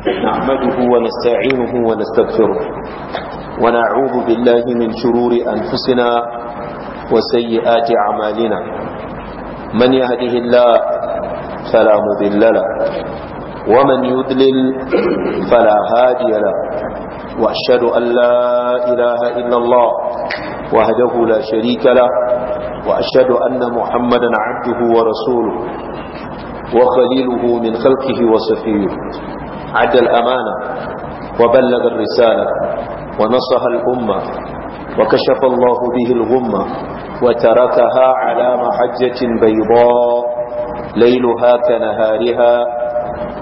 نحمده ونستعينه ونستغفره ونعوذ بالله من شرور أنفسنا وسيئات أعمالنا من يهده الله فلا مضل له ومن يدلل فلا هادي له وأشهد أن لا إله إلا الله وهده لا شريك له وأشهد أن محمدا عبده ورسوله وخليله من خلقه وصفيه عد الأمانة وبلغ الرسالة ونصح الأمة وكشف الله به الغمة وتركها على محجة بيضاء ليلها كنهارها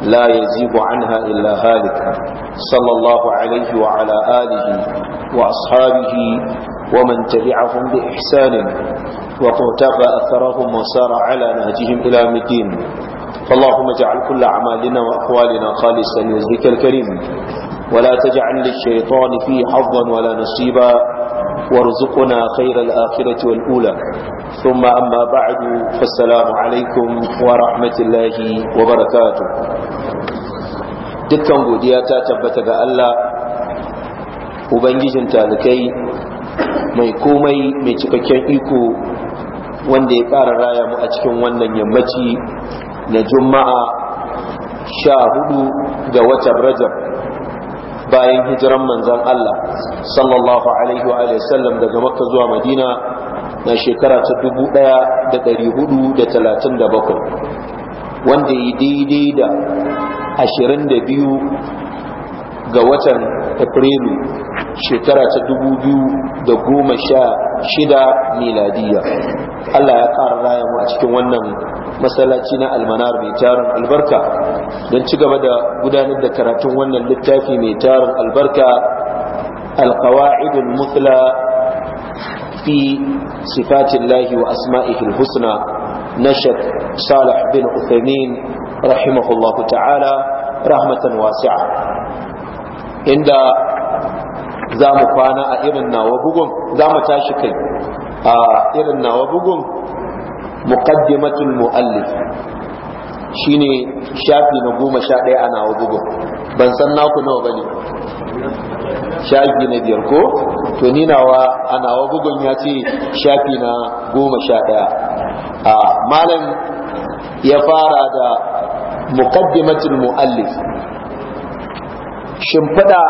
لا يزيب عنها إلا هالك صلى الله عليه وعلى آله وأصحابه ومن تبعهم بإحسان وقتفى أثرهم وسار على نهجهم إلى مدين فاللهم اجعل كل أعمالنا وأقوالنا خالصا لوجهك الكريم ولا تجعل للشيطان فيه حظا ولا نصيبا وارزقنا خير الآخرة والأولى ثم أما بعد فالسلام عليكم ورحمة الله وبركاته dukkan godiya ta tabbata ga Allah ubangijin talikai mai komai mai cikakken iko wanda ya ƙara raya mu a cikin wannan yammaci na juma'a sha hudu ga watan rajab bayan hijiran manzan Allah sallallahu alaihi wa sallam daga makka zuwa madina na shekara ta dubu ɗaya da ɗari hudu da talatin da bakwai wanda yi daidai da ashirin da biyu ga watan afrilu shekara ta dubu biyu da shida miladiya Allah ya kara raya mu a cikin wannan masallaci na almanar mai tarin albarka don ci gaba da gudanar da karatun wannan littafi mai tarin albarka alkawa'idun mutla fi sifatin lahi wa asma'ihil husna na shek salih bin uthamin rahimahullahu ta'ala rahmatan wasi'a inda za mu kwana a irin nawa bugun za mu tashi kai a irin nawa bugun muqaddimatul muallif shine shafi na goma sha ɗaya a nawa bugun ban san naku nawa bane shafi na biyar ko to ni nawa a nawa bugun ya ce shafi na goma sha ɗaya a malam ya fara da muqaddimatul muallif shimfiɗa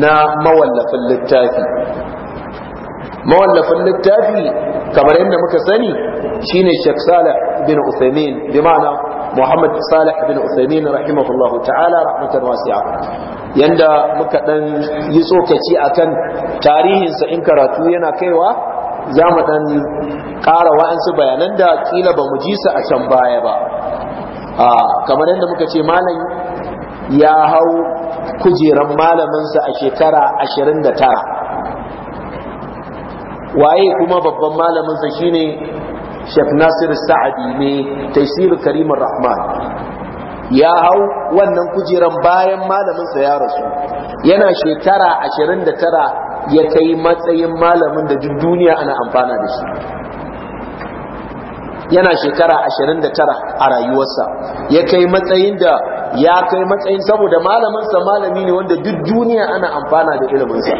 na mawallafin littafi mawallafin littafi kamar yadda muka sani shine Sheikh Salih bin Uthaymeen bi ma'ana Muhammad Salih bin Uthaymeen rahimahullahu ta'ala rahmatan wasi'a yanda muka dan yi tsokaci akan tarihinsa in karatu yana kaiwa za mu dan ƙara wa'ansu bayanan da kila ba mu ji su a can baya ba ah, kamar yadda muka ce malam ya hau kujeran malaminsa a shekara ashirin da tara waye kuma babban malaminsa shine Sheikh Nasir Sa'adi ne Taisir Karim Rahman ya hau wannan kujeran bayan malaminsa ya rasu yana shekara ashirin da tara ya kai matsayin malamin da duk duniya ana amfana da shi yana shekara ashirin da tara a rayuwarsa ya kai matsayin da ya kai matsayin saboda malamin sa malami ne wanda duk duniya ana amfana da ilimin sa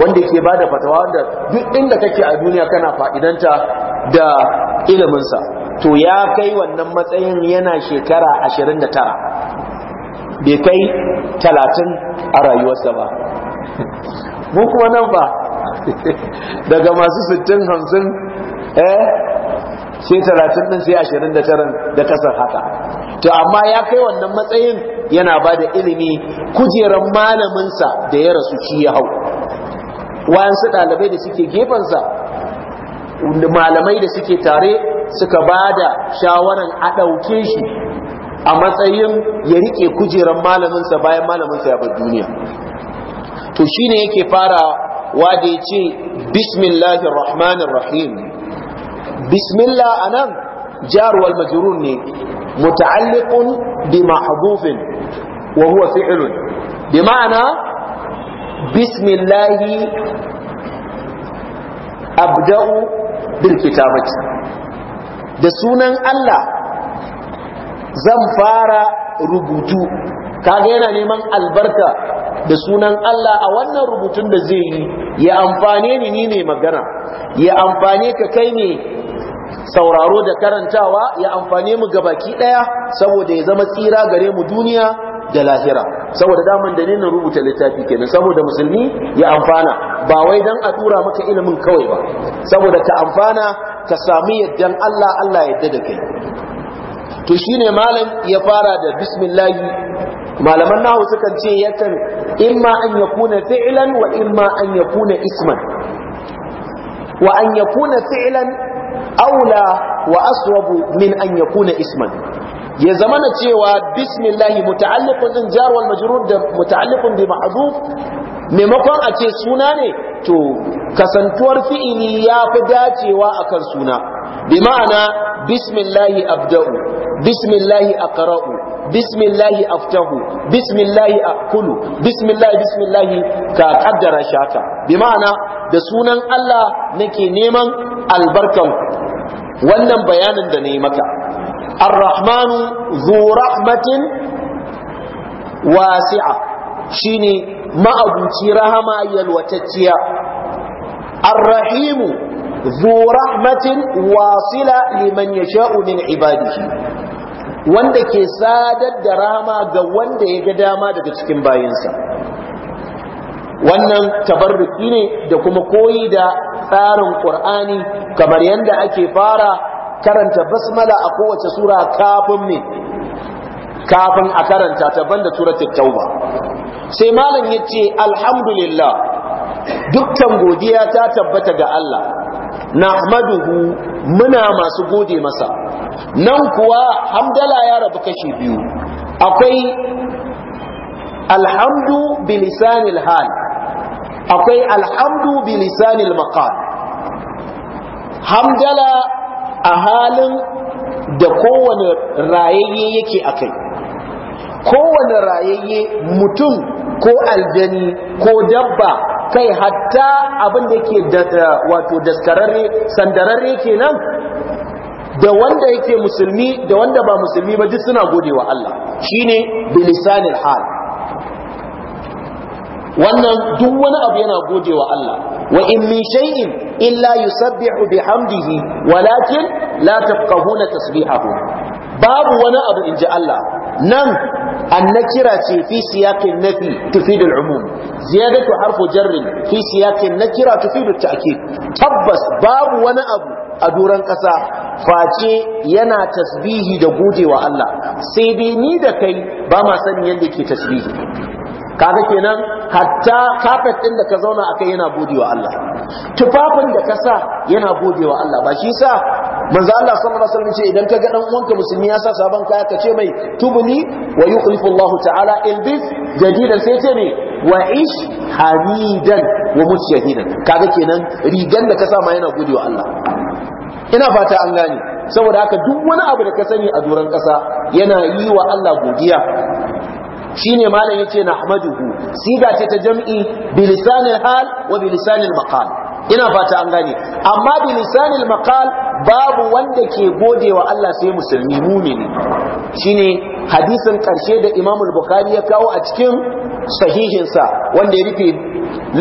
wanda ke bada fatawa wanda duk inda kake a duniya kana fa'idanta da ilimin sa to ya kai wannan matsayin yana shekara 29 bai kai 30 a rayuwarsa ba mu kuma nan ba daga masu 60 50 eh sai 30 din sai 29 da kasar haka to amma ya kai wannan matsayin yana ba da ilimi kujerar malaminsa da ya rasu shi ya hau wayansu ɗalibai da suke gefensa malamai da suke tare suka ba da shawaran a ɗauke shi a matsayin ya riƙe kujerar malaminsa bayan malaminsa ya bar duniya to shi ne yake fara wa da ya ce bismillahir rahmanir rahim bismillah anan jar wal majrur ne متعلق بمحذوف وهو فعل بمعنى بسم الله أبدأ بالكتابة da sunan Allah zan fara rubutu kaga yana neman albarka da sunan Allah a wannan rubutun da zai yi ya amfane ni ni magana ya amfane ka kai ni. sauraro da karantawa ya amfane mu gabaki daya saboda ya zama tsira gare mu duniya da lahira saboda daman na rubuta littafi kenan saboda musulmi ya amfana ba wai dan a tura maka ilimin kawai ba saboda ka amfana ka sami yaddan Allah Allah yadda da kai to shine malam ya fara da "Bismillahi" malaman nahu suka ce yakan imma an yakuna fi'lan wa imma an yakuna isman wa an yakuna fi'lan aula wa aswabu min an yakuna isman ya zamana cewa bismillah muta'alliqun din jar wal majrur da muta'alliqun bi ma'zuf maimakon a ce suna ne to kasantuwar fi'ili ya fi dacewa akan suna bi ma'ana bismillah abda'u bismillah aqra'u bismillah aftahu bismillah akulu bismillah bismillah ka kaddara shaka bi ma'ana da sunan Allah nake neman albarkan wannan bayanin da ne maka ar-rahmanu zu rahmatin wasi'a shine ma'abuci rahama yalwatacciya ar-rahimu zu rahmatin wasila liman yasha'u min ibadihi wanda ke sadar da Rahama ga wanda ya ga dama daga cikin bayinsa wannan tabarruki ne da kuma koyi da tsarin qur'ani kamar yadda ake fara karanta basmala a kowace sura kafin ne kafin a karanta ta banda suratul tauba sai malam yace alhamdulillah dukkan godiya ta tabbata ga Allah nahmaduhu muna masu gode masa nan kuwa hamdala ya rabu kashi biyu akwai alhamdu bilisanil hal akwai alhamdu bi lisanil maqal hamdala a halin da kowane rayayye yake akai kowane rayayye mutum ko aljani ko dabba kai hatta abin da yake wato daskararre sandararre kenan da wanda yake musulmi da wanda ba musulmi ba duk suna godewa Allah shine bilisanil hal wannan duk wani abu yana gode wa Allah wa in min shay'in illa yusabbihu bihamdihi walakin la tafqahuna tasbihahu babu wani abu inji Allah nan annakira ce fi siyaqin nafi tufidu al-umum ziyadatu harfu jarr fi siyaqin nakira tufidu at-ta'kid tabbas babu wani abu a duran kasa face yana tasbihi da godewa Allah sai dai ni da kai ba ma sani yadda ke tasbihi kaga kenan hatta kafet ɗin da ka zauna akai yana godewa Allah tufafin da ka sa yana godewa Allah ba shi sa manzo Allah sallallahu alaihi wasallam ce idan ka ga dan uwanka musulmi ya sa sabon kaya ka ce mai tubni wa yukhlifu Allah ta'ala ilbis jadidan sai ce ne wa ish hadidan wa mushahidan kaga kenan rigan da ka sa ma yana godewa Allah ina fata an gane saboda haka duk wani abu da ka sani a doron ƙasa yana yi wa Allah godiya shine malam yace nahmaduhu siga ce ta jam'i bi lisanil hal wa bi lisanil maqal ina fata an gane amma bi lisanil maqal babu wanda ke godewa Allah sai musulmi mumini shine hadisin karshe da Imam al-Bukhari ya kawo a cikin sahihinsa wanda ya rufe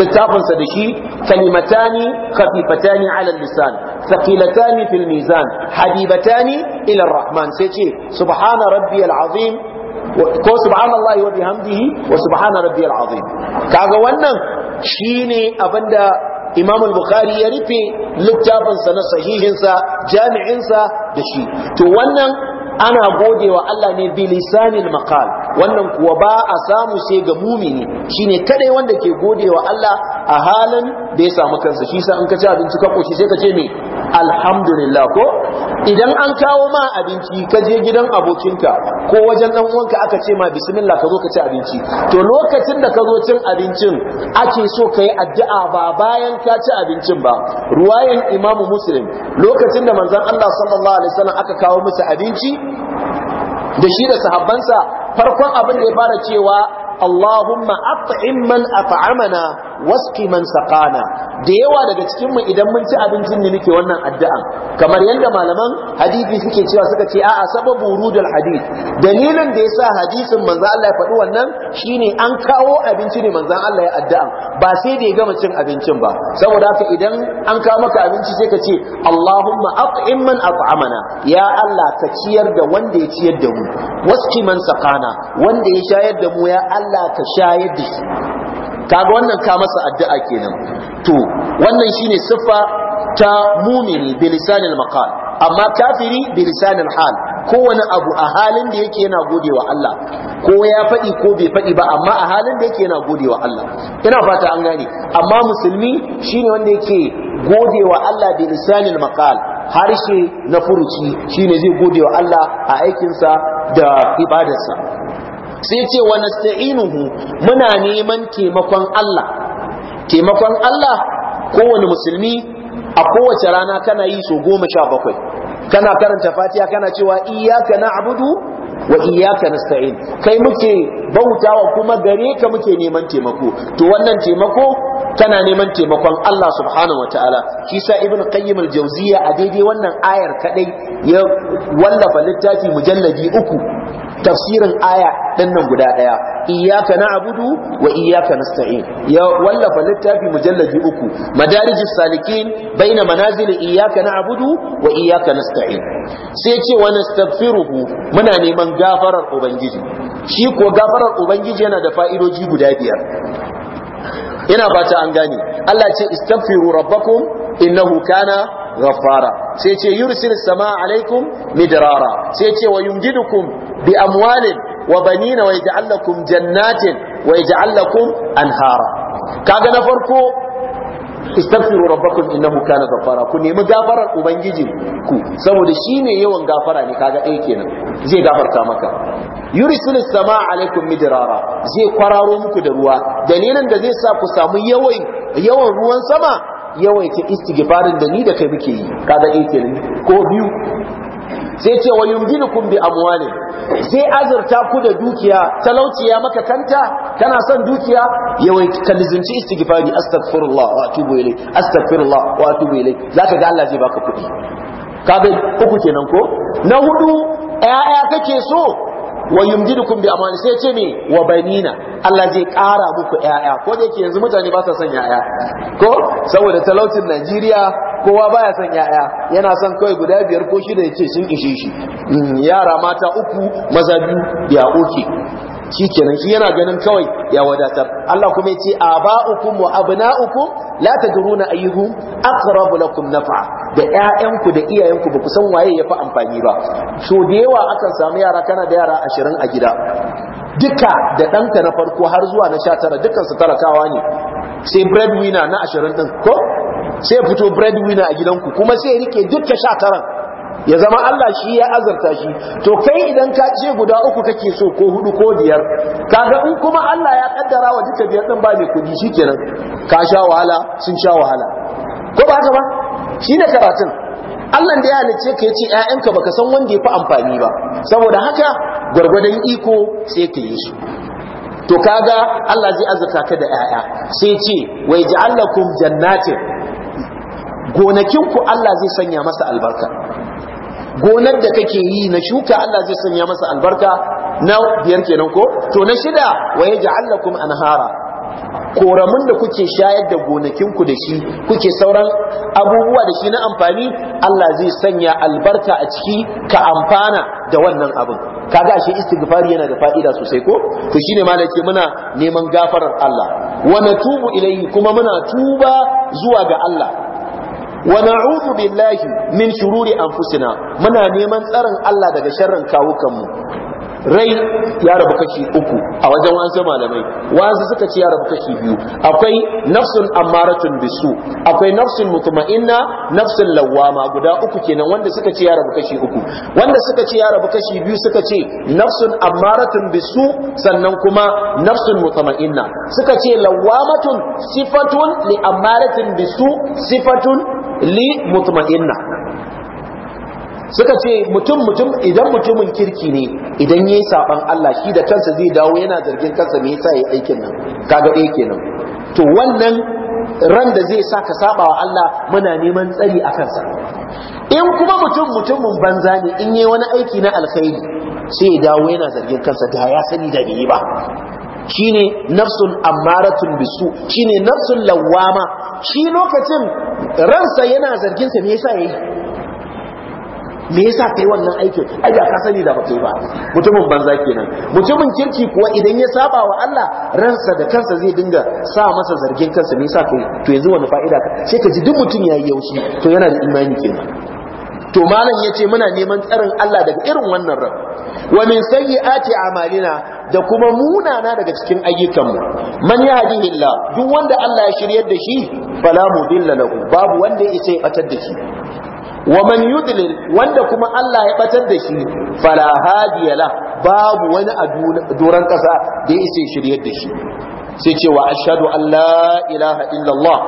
littafinsa da shi kalimatani khafifatani ala lisan thaqilatani fil mizan habibatani ila ar-rahman sai ce subhana rabbiyal azim ko subhanallahi wa bihamdihi wa subhana rabbiyal azim kaga wannan shine abinda Imam al-Bukhari ya rufe littafinsa na sahihinsa jami'insa da shi to wannan ana godewa Allah ne bi lisanil maqal wannan kuwa ba a samu sai ga mumini shine kadai wanda ke godewa Allah a halin da ya samu kansa shi sa an ka ci abinci ka koshi sai ka ce me alhamdulillah ko idan an kawo ma abinci ka je gidan abokinka ko wajen dan uwanka aka ce ma bismillah ka zo ka ci abinci to lokacin da ka zo cin abincin ake so ka yi addu'a ba bayan ka ci abincin ba ruwayan imamu muslim lokacin da manzon Allah sallallahu alaihi wasallam aka kawo masa abinci da shi da sahabbansa farkon abin da ya fara cewa Allahumma at'im man at'amana waski man saqana da yawa daga cikin mu idan mun ci abincin ne muke wannan addu'a kamar yadda malaman hadisi suke cewa suka ce a'a sababu rudul hadith dalilin da yasa hadisin manzo Allah ya faɗi wannan shine an kawo abinci ne manzo Allah ya addu'an ba sai da ya gama cin abincin ba saboda haka idan an kawo maka abinci sai ka ce Allahumma at'im man at'amana ya Allah ka ciyar da wanda ya ciyar da mu waski man saqana wanda ya shayar da mu ya Allah ka shayar da shi kaga wannan ka masa addu'a kenan to wannan shine siffa ta mumini bi al maqal amma kafiri bi al hal kowane abu a halin da yake yana godewa Allah ko ya faɗi ko bai faɗi ba amma a halin da yake yana godewa Allah ina fata an gane amma musulmi shine wanda yake godewa Allah bi al maqal harshe na furuci shine zai godewa Allah a aikinsa da ibadarsa sai ce wa nasta'inuhu muna neman taimakon Allah taimakon Allah kowane musulmi a kowace rana kana yi so goma sha bakwai kana karanta fatiha kana cewa iyyaka na'budu wa iyyaka nasta'in kai muke bautawa kuma gare ka muke neman taimako to wannan taimako kana neman taimakon Allah subhanahu wa ta'ala shi ibn qayyim al-jawziya a daidai wannan ayar kadai ya wallafa littafi mujalladi uku tafsirin aya ɗannan guda ɗaya iyaka na abudu wa iyaka nasta'in ya wallafa littafi mujallaji uku madarijus salikin baina manazil iyaka na abudu wa iyaka nasta'in sai ce wa nastaghfiruhu muna neman gafarar ubangiji shi ko gafarar ubangiji yana da fa'idoji guda biyar ina fata an gane Allah ce istaghfiru rabbakum innahu kana ghaffara sai ce yursilu samaa alaikum midrara sai ce wa bi amwalin wa banina wa yaj'al lakum jannatin wa yaj'al lakum anhara kaga na farko istaghfiru rabbakum innahu kana ghaffara ku nemi gafarar ubangiji ku saboda shine yawan gafara ne kaga ɗaya kenan zai gafarta maka yursilis sama alaikum midrara zai kwararo muku da ruwa dalilan da zai sa ku samu yawan yawan ruwan sama yawaita istighfarin da ni da kai muke yi kaga ɗaya kenan ko biyu sai ce wa kun bi amwali Sai azurta ku da dukiya talauci ya maka kanta kana son dukiya yawan kalizinci istighfari astaghfirullah wa atubu ilayk astaghfirullah wa atubu ilayk zaka ga Allah zai baka kuɗi kabe uku kenan ko na hudu ƴaƴa kake so wa yumdidukum bi amani sai ce me wa banina Allah zai kara muku ƴaƴa ko da yake yanzu mutane ba sa son ƴaƴa ko saboda talautin Najeriya kowa baya son ƴaƴa yana son kai guda biyar ko shida yace sun ishe shi mm, yara mata uku maza biyu ya oke shi kenan shi yana ganin kawai ya wadatar Allah kuma yace aba'ukum wa abna'ukum la tadruna ayyuhum aqrabu lakum naf'a da ƴaƴanku da iyayenku ba ku san waye yafi amfani ba so da yawa akan samu yara kana da yara 20 a gida duka da ɗanka na farko har zuwa na 19 dukkan su talakawa ne sai breadwinner na 20 din ko sai fito breadwinner a gidanku kuma sai rike duka 19 ya zama Allah shi ya azarta shi to kai idan ka ce guda uku kake so ko hudu ko biyar kaga in kuma Allah ya kaddara wa duka biyar din ba mai kudi shikenan ka sha wahala sun sha wahala ko ba haka ba shine karatun Allah da ya halice ka yace ƴaƴanka baka san wanda yafi amfani ba saboda haka gurgurdan iko sai ka yi shi to kaga Allah zai azarta ka da ƴaƴa sai ce wai ja'alakum jannatin gonakin ku Allah zai sanya masa albarka gonar da kake yi na shuka Allah zai sanya masa albarka na biyar kenan ko to na shida wa yaj'al lakum anhara koramin da kuke shayar da gonakinku da shi kuke sauran abubuwa da shi na amfani Allah zai sanya albarka a ciki ka amfana da wannan abin kaga shi istighfar yana da fa'ida sosai ko to shine malaki muna neman gafarar Allah wa natubu ilayhi kuma muna tuba zuwa ga Allah wa na'udhu billahi min shururi anfusina muna neman tsarin Allah daga sharrin kawukanmu rai ya rabu kashi uku a wajen wasu malamai wasu suka ce ya rabu kashi biyu akwai nafsun amaratun bisu akwai nafsun mutuma'inna nafsun lawama guda uku kenan wanda suka ce ya rabu kashi uku wanda suka ce ya rabu kashi biyu suka ce nafsun amaratun bisu sannan kuma nafsun mutuma'inna suka ce lawamatun sifatun li amaratun bisu sifatun li mutuma'inna suka ce mutum mutum idan mutumin kirki ne idan yayi saɓan Allah shi da kansa zai dawo yana zargin kansa me yasa yayi aikin nan kaga ɗaya kenan to wannan ran da zai sa ka saba wa Allah muna neman tsari a kansa in kuma mutum mutumin banza ne in yayi wani aiki na alkhairi sai ya dawo yana zargin kansa da ya sani da bai ba shine nafsun amaratun bisu shine nafsun lawama shi lokacin ransa yana zargin sa me yasa yayi me yasa kai wannan aikin ai da ka sani da bakai ba mutumin banza kenan mutumin kirki kuwa idan ya saba wa Allah ransa da kansa zai dinga sa masa zargin kansa me yasa kai to yanzu wani fa'ida ka sai ka ji duk mutum yayi yaushi to yana da imani kenan to malam yace muna neman tsarin Allah daga irin wannan ran wa min sayyiati a'malina da kuma munana daga cikin ayyukanmu man yahdihillah duk wanda Allah ya shiryar da shi fala mudilla lahu babu wanda ya isa ya batar da shi wa man yudlil wanda kuma Allah ya batar da shi fala hadiya babu wani a duran kasa da ya isa shiryar da shi sai ce wa ashhadu an la ilaha illallah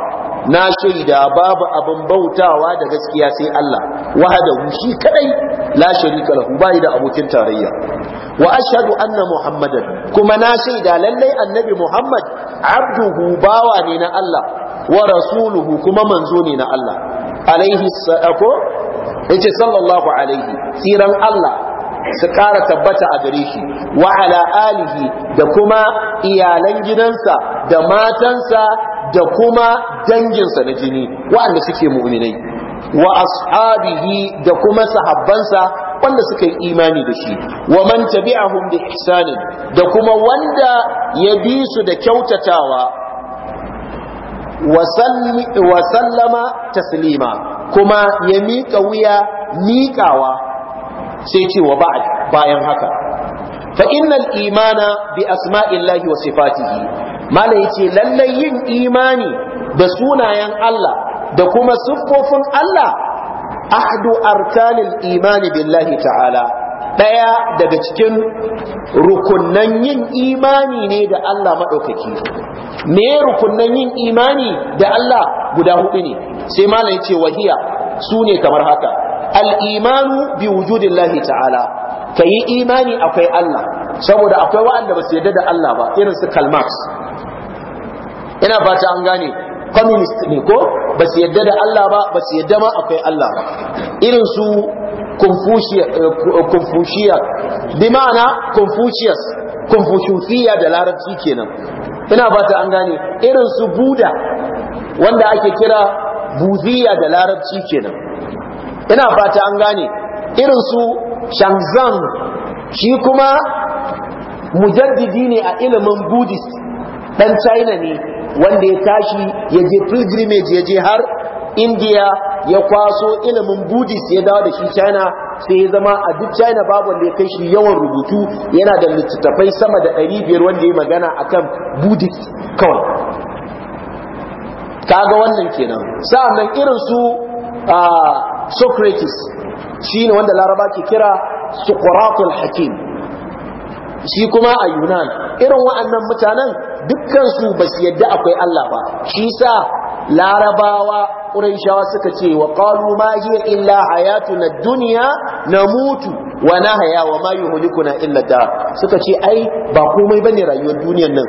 na shaida babu abin bautawa da gaskiya sai Allah wahdahu shi kadai la sharika lahu bai abokin tarayya wa ashhadu muhammadan kuma na shaida lallai annabi muhammad abduhu bawa ne na Allah wa rasuluhu kuma manzo ne na Allah alaihi eh, ko yace sallallahu alaihi tsiran Allah su ƙara tabbata a gare shi wa ala alihi da kuma iyalan gidansa da matansa da kuma danginsa na jini wanda suke mu'minai wa ashabihi da kuma sahabbansa wanda suka yi imani da shi wa man tabi'ahum bi ihsanin da kuma wanda ya bi su da kyautatawa wa sallama taslima kuma ya miƙa wuya miƙawa sai ce wa bayan haka fa innal imana bi asma'illahi wa sifatihi mala yace lalle yin imani da sunayen Allah da kuma siffofin Allah ahdu arkanil imani billahi ta'ala ɗaya daga cikin rukunan yin imani ne da Allah maɗaukaki me rukunnan yin imani da Allah guda hudu ne sai malam ce wahiya su ne kamar haka Al imanu bi wujudillahi ta'ala ka yi imani akwai Allah saboda akwai wa'anda ba su yarda da Allah ba irin su kalmax ina fata an gane communist ne ko ba su yadda da Allah ba ba su yadda ma akwai Allah ba irin su confucius eh, eh, bi ma'ana confucius confuciusiya da larabci kenan ina ba ta an gane irin su buda wanda ake kira buziya da larabci kenan ina ta an gane irin su shangzang shi kuma mujaddidi ne a ilimin buddhist dan china ne wanda ya tashi ya je pilgrimage ya je har india ya kwaso ilimin buddhist ya dawo da shi china sai ya zama a duk china babu wanda ya kai shi yawan rubutu yana da littattafai sama da 500 wanda ya magana akan buddhist kawai kaga wannan kenan sa'annan irin su Socrates shi ne wanda Laraba ke kira Suqratul Hakim shi kuma a Yunan irin wa'annan mutanen dukkansu ba su yadda akwai Allah ba shi sa larabawa ƙuraishawa suka ce wa ƙalu ma hiya illa duniya na mutu wa na haya wa ma yuhlikuna illa dar suka ce ai ba komai ne rayuwar duniyan nan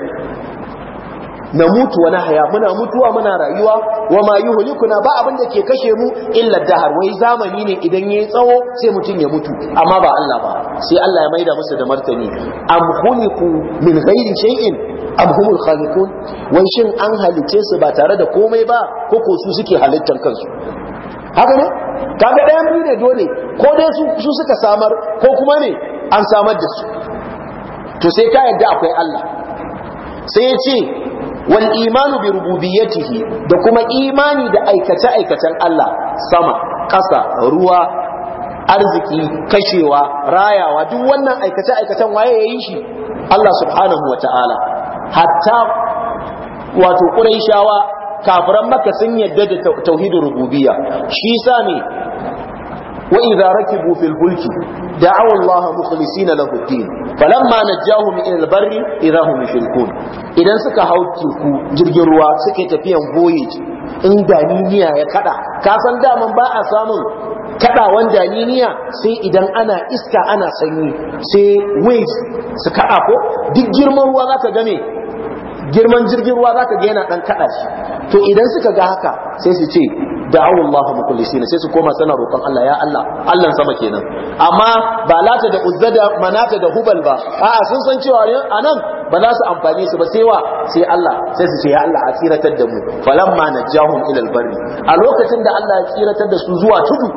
na mutu wa nahaya muna mutuwa muna rayuwa wa ma yuhlikuna ba abin da ke kashe mu illa dahar wai zamani ne idan yayi tsawo sai mutun ya mutu amma ba Allah ba sai Allah ya maida musu da martani am khuliqu min ghairi shay'in am humul khaliqun wai shin an halice su ba tare da komai ba ko ko su suke halittar kansu haka ne kaga ɗayan biyu ne dole ko dai su suka samar ko kuma ne an samar da su to sai ka yadda akwai Allah sai ya ce wal imanu bi rububiyyatihi da kuma imani da aikace aikacen Allah sama ƙasa ruwa arziki kashewa rayawa duk wannan aikace aikacen waye yayin shi Allah subhanahu wata'ala hatta wato Qurayshawa kafiran Makka sun yadda da tauhidin rububiyya shi yasa ne wa idza rakibu fil fulki da'aw Allah mukhlisina lahu din falamma najahum ila al barri idza hum yushrikun idan suka hau teku jirgin ruwa suke tafiya voyage in daniniya ya kada ka san da mun ba a samun kadawan daniniya sai idan ana iska ana sanyi sai wait su kada ko duk girman ruwa zaka game girman jirgin ruwa zaka ga yana dan kada shi to idan suka ga haka sai su ce da Allah mukhlisina sai su koma suna roƙon Allah ya Allah Allah sama kenan amma ba lata da uzza da manata da hubal ba a'a sun san cewa anan ba za su amfani su ba sai wa sai Allah sai su ce ya Allah a tsiratar da mu falamma najahum ila albarri a lokacin da Allah ya tsiratar da su zuwa tudu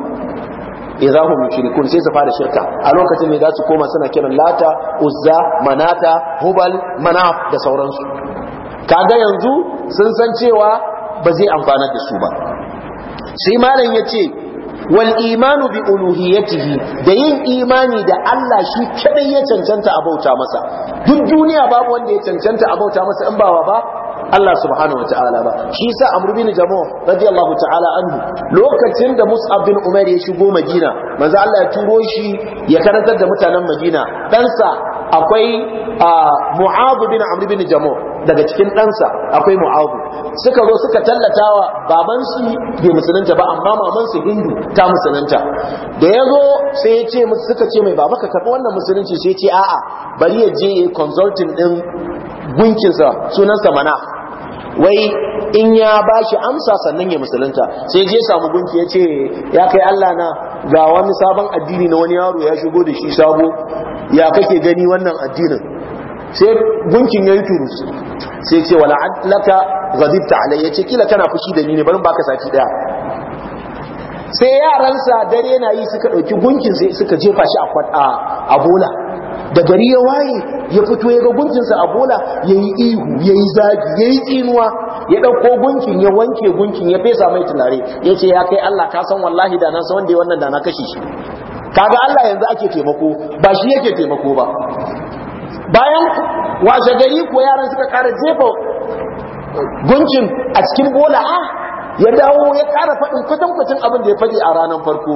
idza hum yushrikun sai su fara shirka a lokacin ne za su koma sana kiran lata uzza manata hubal manaf da sauransu kaga yanzu sun san cewa ba zai amfanar da su ba sai malam ya ce wal imanu bi uluhiyatihi da yin imani da Allah shi kadai ya cancanta a bauta masa duk duniya babu wanda ya cancanta a bauta masa in bawa ba Allah subhanahu wataala ba shi yasa Amr bin Jamu radiyallahu ta'ala anhu lokacin da Mus'ab bin Umar ya shigo Madina manzo Allah ya turo shi ya karantar da mutanen Madina dan sa akwai mu'adu bin amr bin jamu daga cikin ɗansa akwai mu'adu suka zo suka tallatawa baban su bai musulunta ba amma maman su hindu ta musulunta da ya zo sai ya ce suka ce mai baba ka karɓi wannan musulunci sai ce a'a bari ya je consulting din sa sunan sa mana wai in ya bashi amsa sannan ya musulunta sai je samu gunki ya ce ya kai Allah na ga wani sabon addini na wani yaro ya shigo da shi sabo ya kake gani wannan addinin sai gunkin yayi turus sai ce wala laka ghadibta alayya ce kila tana fushi da ni ne barin baka sati daya sai yaran sa dare na yi suka dauki gunkin sai suka jefa shi a bola da gari ya waye ya fito ya ga gunkinsa a bola yayi ihu yayi zagi yayi tsinuwa ya ɗauko gunkin ya wanke gunkin ya fesa mai tunare ya ce ya kai Allah ka san wallahi da nan san wanda ya wannan da na kashe shi kaga Allah yanzu ake taimako ba shi yake taimako ba bayan washe gari ko yaran suka kara jefa guncin a cikin bola a ah, ya dawo ya kara faɗin kwatan abin da ya faɗi a ranar farko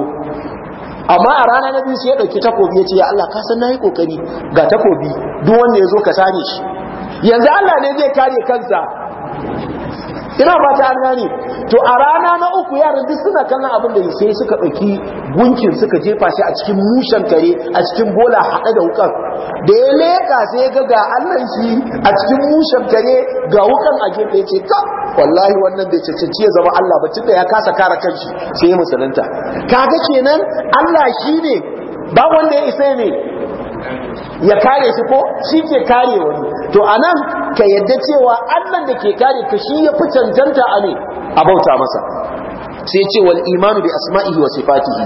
amma a rana na biyu sai ya ɗauki takobi ya ce ya Allah kasan na yi ƙoƙari ga takobi duk wanda ya zo ka sani shi yanzu Allah ne zai kare kansa ina ba ta ne? to a rana na uku yaran duk suna kallon abin da sai suka ɗauki gunkin suka jefa shi a cikin mushen kare a cikin bola haɗe da wukan da ya leka sai ga ga allan shi a cikin mushen kare ga wukan a gefe ce ta wallahi wannan bai cancanci ya zama allah ba da ya kasa kare kanshi sai ya musulunta kaga kenan allah shi ne ba wanda ya isa ne ya kare shi ko shi ke kare wani to anan ka yadda cewa Allah da ke kare ka shi ya fi cancanta a ne a bauta masa sai ce wal imanu bi asma'ihi wa sifatihi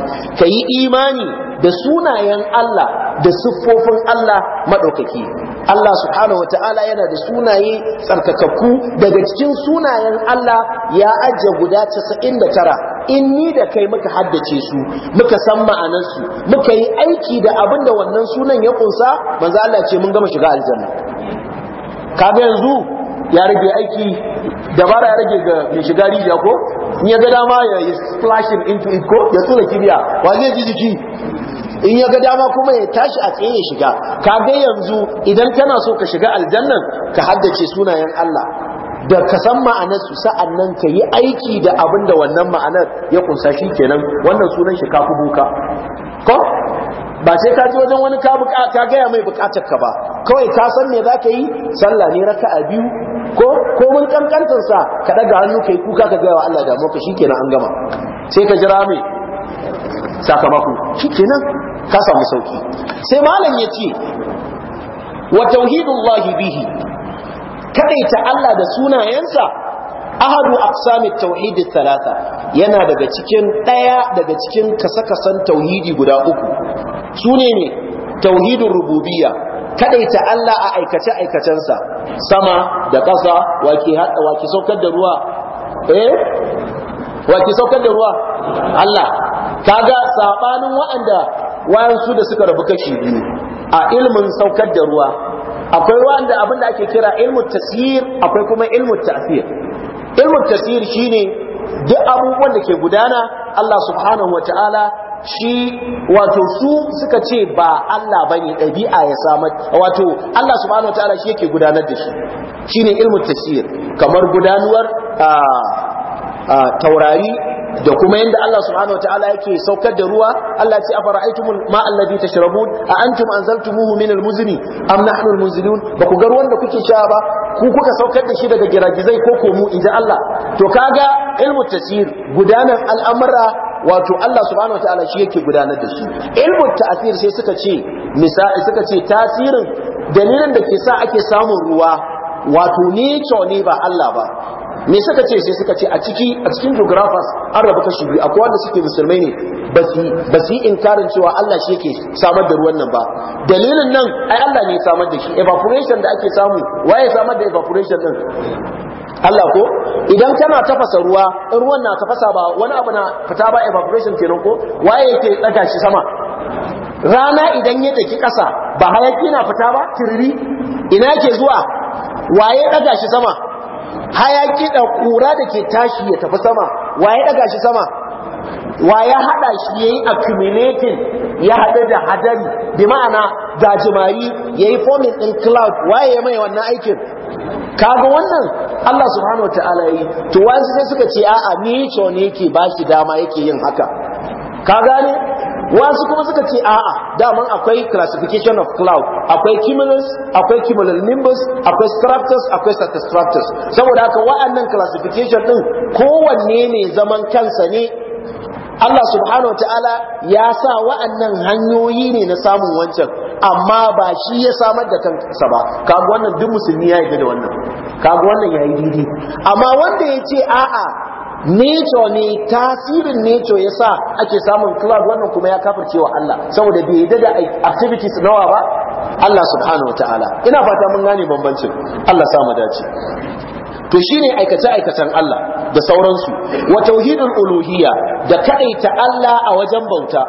yi imani da sunayen Allah da siffofin Allah madaukaki Allah subhanahu wataala yana da sunaye tsarkakakku daga cikin sunayen Allah ya ajiye guda 99 in ni da kai muka haddace su muka san ma'anarsu muka yi aiki da abin da wannan sunan ya kunsa manzo Allah ce mun gama shiga aljanna Ka ga yanzu ya rage aiki dabara ya rage ga mai shiga rijiya ko in ya ga dama ya yi splashing into it ko ya tura kibiya wa zai ji jiki in ya ga dama kuma ya tashi a tsaye ya shiga Ka ga yanzu idan kana so ka shiga aljannan ka haddace sunayen Allah da ka san sa'an nan ka yi aiki da abin da wannan ma'anar ya kunsa shi kenan wannan sunan shi kubu buka ko ba sai ka ji wajen wani ka gaya mai bukatar ka ba kawai ka san me zaka yi sallah ne raka a biyu ko ko mun kankantar sa ka daga hannu kai kuka ka gaya wa Allah da mu ka shikenan an gama sai ka jira mai sakamako shikenan ka samu sauki sai malam ya ce. wa tauhidullahi bihi kadaita Allah da sunayensa ahadu aqsamit tauhid thalatha yana daga cikin daya daga cikin kasakasan tauhidi guda uku sune ne tauhidur rububiyya kadaita Allah a aikace aikacensa sama da ƙasa waki hada waki saukar da ruwa eh waki saukar da ruwa Allah kaga sabanin wa'anda wayansu da suka rabu kashi biyu a ilmin saukar da ruwa akwai wanda abin da ake kira ilmu tasir akwai kuma ilmu ta'sir ilmu tasir shine duk abubuwan da ke gudana Allah subhanahu wataala shi wato su suka ce ba Allah bane ɗabi'a ya samar wato Allah subhanahu wataala shi yake gudanar da shi shine ilmu tasir kamar gudanuwar ah, ah, taurari da kuma yanda Allah subhanahu ta'ala yake saukar da ruwa Allah ce afara'aytum ma allazi tashrabun a antum anzaltumuhu min almuzni am nahnu almuzlun ba ku ga ruwan da kuke sha ba ku kuka saukar da shi daga giragizai ko komu inji Allah to kaga ilmu tasir gudanar al'amara wato Allah subhanahu ta'ala shi yake gudanar da shi ilmu ta'sir sai suka ce misali suka ce tasirin dalilan da ke sa ake samun ruwa wato ne ne ba Allah ba me suka ce sai suka ce a ciki a cikin geographers an rabu kashi biyu akwai wanda suke musulmai ne ba su yi inkarin cewa Allah shi yake samar da ruwan nan ba dalilin nan ai Allah ne ya samar da shi evaporation da ake samu waye ya samar da evaporation din Allah ko idan kana tafasa ruwa in ruwan na tafasa ba wani abu na fita ba evaporation kenan ko waye yake daga shi sama rana idan ya daki kasa ba hayaki na fita ba tiriri ina yake zuwa waye daga shi sama hayaki da kura da ke tashi ya tafi sama waye daga shi sama waye hada shi yayi accumulating ya hada da hadari bi ma'ana gajimari yayi forming ɗin cloud waye ya mai wannan aikin kaga wannan Allah subhanahu wataala yi to wasu sai suka ce a'a ni ne yake ba shi dama yake yin haka ka gane wasu kuma suka ce a'a daman akwai classification of cloud akwai cumulus akwai cumulus nimbus akwai stratus akwai satisfactors saboda haka wa'annan classification din kowanne ne zaman kansa ne Allah subhanahu wa ta'ala ya sa wa'annan hanyoyi ne na samun wancan amma ba shi ya samar da kansa ba kaga wannan duk musulmi ya yi da wannan kaga wannan ya yi daidai amma wanda ya ce a'a nature ne tasirin ya sa ake samun cloud wannan kuma ya cewa Allah saboda bai yadda da activities nawa ba Allah subhanahu wataala ina fata mun gane bambancin Allah sa mu dace to shine aikace aikacen Allah da sauransu wa tauhidul uluhiyya da ta Allah a wajen bauta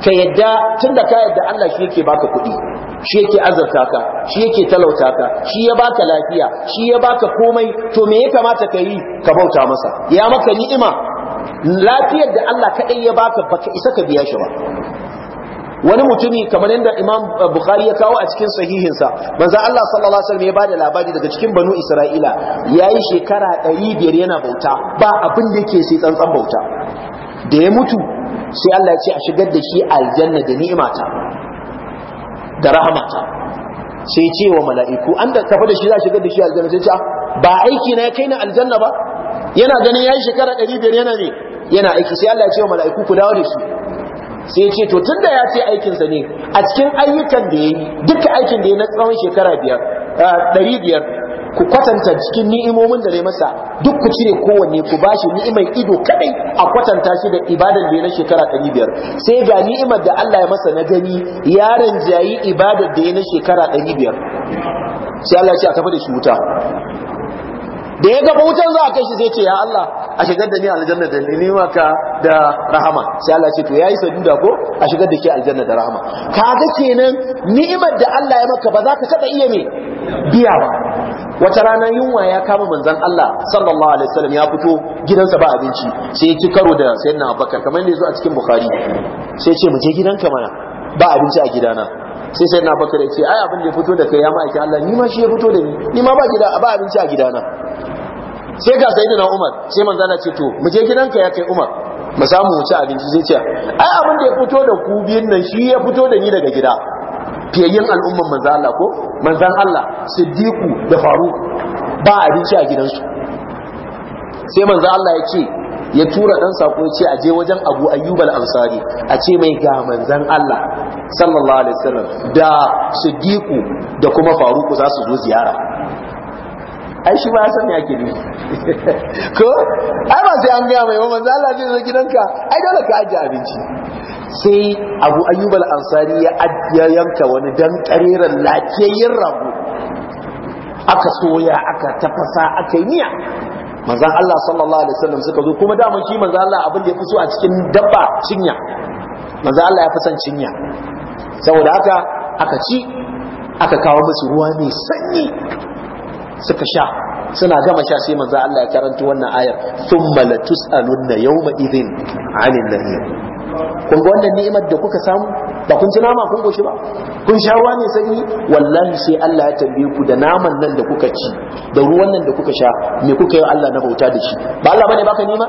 ka yadda tunda ka yadda Allah shi yake baka kuɗi shi yake azurta ka shi yake talauta ka shi ya baka lafiya shi ya baka komai to me ya kamata ka yi ka bauta masa ya maka ni'ima lafiyar da Allah kaɗai ya baka baka isa ka biya shi ba wani mutumi kamar yadda imam bukhari ya kawo a cikin sahihinsa manzo Allah sallallahu alaihi wasallam ya bada labari daga cikin banu isra'ila yayi shekara 500 yana bauta ba abin da yake sai tsantsan bauta da ya mutu sai Allah ya ce a shigar da shi aljanna da ni'imata da rahamata sai ce wa mala'iku an da tafi da shi za shiga da shi aljanna sai ce ah, ba aiki na ya kai ni aljanna ba yana ganin ya yi shekara ɗari biyar yana ne yana aiki sai Allah ya ce wa mala'iku ku dawo da shi sai ce to tun da ya ce aikinsa ne a cikin ayyukan da ya yi duka aikin da ya na tsawon shekara biyar ah, ɗari biyar ku kwatanta cikin ni'imomin da ya masa duk ku cire kowanne ku ba shi ni'imai ido kadai a kwatanta shi da ibadar da ya na shekara 500 sai ga ni'imar da Allah ya masa na gani yaron jayi ibadar da ya na shekara 500 sai Allah ya ce a tafi da shi wuta da ya gaba wutar za a kai shi zai ce ya Allah a shigar da ni aljanna da ni maka da rahama sai Allah ce to yayi saduda ko a shigar da ke aljanna da rahama kaga kenan ni'imar da Allah ya maka ba za ka taba iya me biya ba wata rana yunwa ya kama manzon Allah sallallahu alaihi wasallam ya fito gidansa ba abinci sai ya ci karo da sayyidina Abubakar kamar yadda yazo a cikin Bukhari sai ya ce mu je gidanka mana ba abinci a gidana sai sai na bakar ce ai abin da ya fito da kai ya aiki Allah ni ma shi ya fito da ni ni ma ba gida ba abinci a gidana sai ga sai na Umar sai manzo Allah ce to mu je gidanka ya kai Umar mu samu mu ci abinci sai ce ai abin da ya fito da ku biyun nan shi ya fito da ni daga gida fiyayyen al'umman manzan Allah ko manzan Allah siddiqu da faru ba abinci a gidansu sai manzan Allah ya ce ya tura dan sako ya ce a je wajen abu ayyubal ansari a ce mai ga manzan Allah sallallahu alaihi wasallam da siddiqu da kuma faruku za su zo ziyara ai shi ba ya san ya ake nufi ko ai ba sai an gaya mai ba manzo Allah zai zo gidanka ai dole ka ajiye abinci sai abu ayyubal ansari ya yanka wani dan kariran lafiyayyen rago aka soya aka tafasa aka yi niyya. manzan Allah sallallahu alaihi wasallam suka zo kuma dama shi manzan Allah abin da ya fi so a cikin dabba cinya manzan Allah ya fi san cinya saboda haka aka ci aka kawo musu ruwa mai sanyi suka sha suna gama sha sai manzan Allah ya karanta wannan ayar thumma latus'alunna yawma idhin 'anil nahir kun ga wannan ni'imar da kuka samu ba kun ci nama kun goshi ba kun sha ruwa ne sanyi wallahi sai Allah ya tambaye ku da naman nan da kuka ci da ruwan nan da kuka sha me kuka yi Allah na bauta da shi ba Allah bane baka nima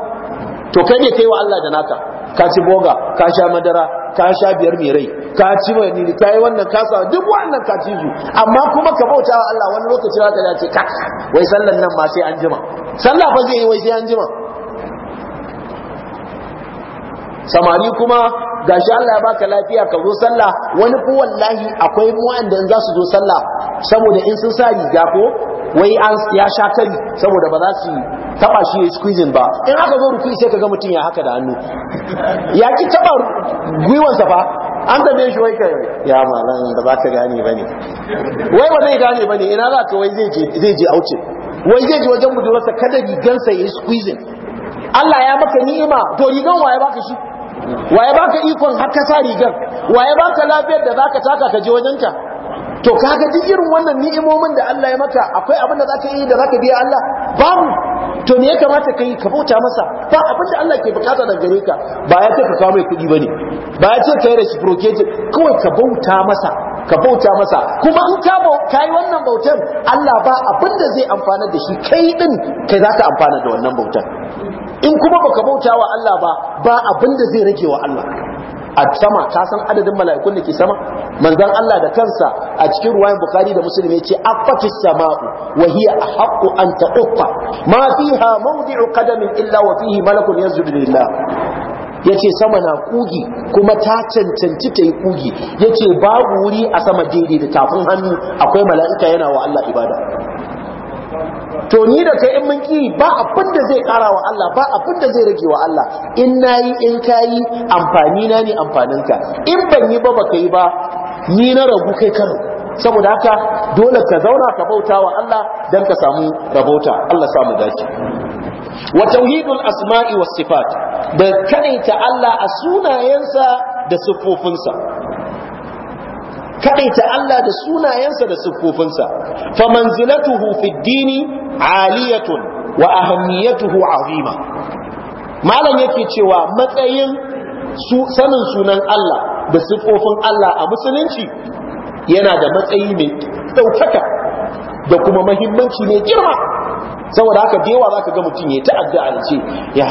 to kai ne kai wa Allah da naka ka ci boga ka sha madara ka sha biyar mai rai ka ci mai ni ka yi wannan ka sa duk wannan ka ci su amma kuma ka bauta wa Allah wani lokaci ka ce ka wai sallan nan ma sai an jima sallah fa zai yi wai sai an jima samari kuma gashi Allah ya baka lafiya ka zo sallah wani ko wallahi akwai wanda za su zo sallah saboda in sun sa riga ko wai an ya sha kari saboda ba za su taba shi ya squeezing ba in aka zo rufi sai ka ga mutum ya haka da hannu ya ki taba sa fa an me shi wai kai ya malam da ba ka gane bane wai ba zai gane bane ina za ka wai zai je zai je auce wai zai je wajen budurarsa kada rigansa ya squeezing Allah ya maka ni'ima to rigan waye baka shi Wa ya baka ikon har ka sa rigar ya baka lafiyar da zaka taka ka je wajenka to kaga duk irin wannan ni'imomin da Allah ya maka akwai abin da zaka yi da zaka biya Allah Ba mu, to me ya kamata ka yi ka bauta masa ba abin da Allah ke bukata daga gare ka ba ya ce ka kawo mai kuɗi ba ne? ba ya ce ka yi reciprocated kawai ka bauta masa ka bauta masa kuma in ka kai wannan bautar Allah ba abin da zai amfana da shi kai din kai zaka amfana da wannan bautar in kuma baka bauta wa Allah ba ba abin da zai rage wa Allah a sama ka san adadin mala'ikun da ke sama manzon Allah da kansa a cikin ruwayan bukhari da muslim yace afatis sama'u wa hiya ahqqu an taqqa ma fiha mawdi'u qadamin illa wa fihi malakun yanzudu lillah yace sama na kugi kuma ta cancanci ta yi kugi yace babu wuri a sama daidai da tafin hannu akwai mala'ika yana wa Allah ibada to ni da kai in mun ki ba abin da zai kara wa Allah ba abin da zai rage wa Allah in nayi in kayi amfani na ne ka, in ban yi ba baka yi ba ni na ragu kai karo saboda haka dole ka zauna ka bauta wa Allah dan ka samu rabauta Allah mu dace wa tauhidul asma'i was sifat da kadaita Allah a sunayensa da siffofinsa Kaɗaita Allah da sunayensa da siffofinsa fa manzilatuhu fid dini aliyatun wa ahammiyatuhu azima malam yake cewa matsayin su sanin sunan Allah da siffofin Allah a musulunci yana da matsayi mai ɗaukaka da kuma mahimmanci mai girma saboda haka da yawa zaka ga mutum ya ta'adda a ce ya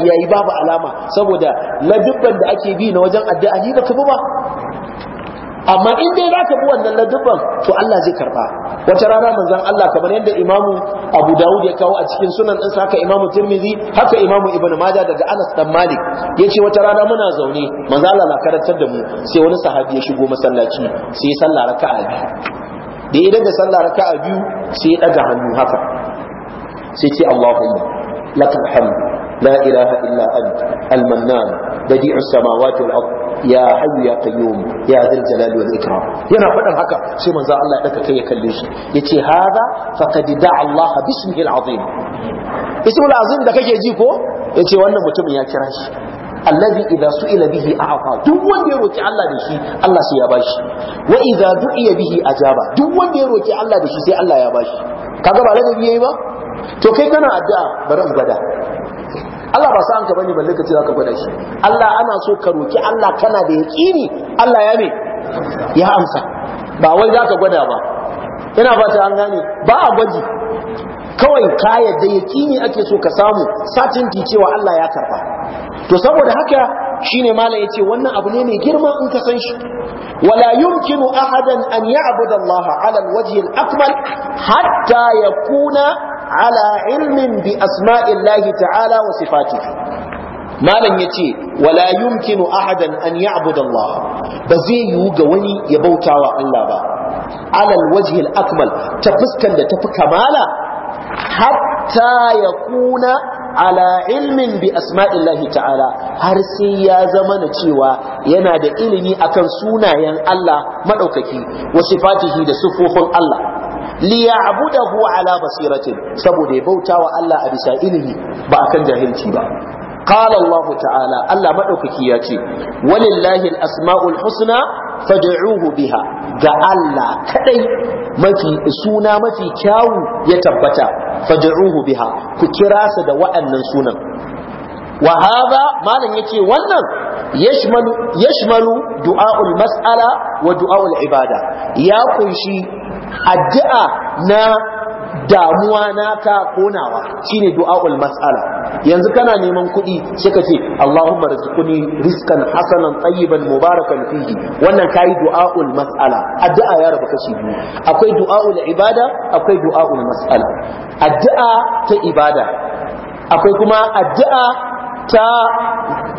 yayi babu alama saboda ladubban da ake bi na wajen addu'a ni tafi ba amma in dai zaka bi wannan ladabban to Allah zai karba wata rana manzon Allah kamar yadda imamu Abu Dawud ya kawo a cikin sunan din haka imamu Tirmidhi haka imamu Ibn Majah daga Anas dan Malik yace wata rana muna zaune manzon Allah na karantar da mu sai wani sahabi ya shigo masallaci sai ya sallah raka'a biyu da ya daga sallah raka'a biyu sai ya daga hannu haka sai ce Allahumma lakal hamd la ilaha illa anta al-mannan badi'u samawati wal ya hayyu ya qayyum ya dhal jalali wal ikram yana faɗin haka sai manzo Allah ya daka kai ya kalle shi yace hada faqad da'a Allah bismihi al azim ismul azim da kake ji ko yace wannan mutumin ya kira shi alladhi idza su'ila bihi a'ata duk wanda ya roki Allah da shi Allah sai ya bashi wa idza du'iya bihi ajaba duk wanda ya roki Allah da shi sai Allah ya bashi kaga ba ladabi yayi ba to kai kana addu'a bari in gwada Allah ba sa hanka bane balle ka ce zaka gwada shi Allah ana so ka roki Allah kana da yaqini Allah ya me ya amsa ba wai zaka gwada ba ina fata an gane ba a gwaji kawai ka yadda yaqini ake so ka samu satinti cewa Allah ya karba to saboda haka shine malam yace wannan abu ne mai girma in ka san shi wala yumkinu ahadan an ya'budu Allah ala alwajhi alakmal hatta yakuna ala ilmin bi asma'illahi ta'ala wa sifatihi malam ce wala yumkinu ahadan an yi abudallah ba zai yiwu ga wani ya bautawa Allah ba alal wajhi akmal ta fuskan da tafi kamala hatta kuna ala ilmin bi asma'illahi ta'ala har sai ya zama na cewa yana da ilimi akan sunayen Allah maɗaukaki, wa sifatihi da sifofin Allah liya'budahu ala basiratin saboda ya bauta wa Allah a bisa ilimi ba akan jahilci ba qala Allah ta'ala Allah madaukaki ya ce walillahi asmaul husna fad'uhu biha ga Allah kadai suna mafi kyawu ya tabbata fad'uhu biha ku kira su da waɗannan sunan Wahaba hadha malan yace wannan yashmalu yashmalu du'a'ul mas'ala wa du'a'ul ibada ya kunshi addu'a na damuwa na ka konawa shine du'aul mas'ala yanzu kana neman kuɗi sai ka ce Allahumma rizquni rizqan hasanan tayyiban mubarakan fihi wannan kai du'aul mas'ala addu'a ya rabu kashi biyu akwai du'aul ibada akwai du'aul mas'ala addu'a ta ibada akwai kuma addu'a ta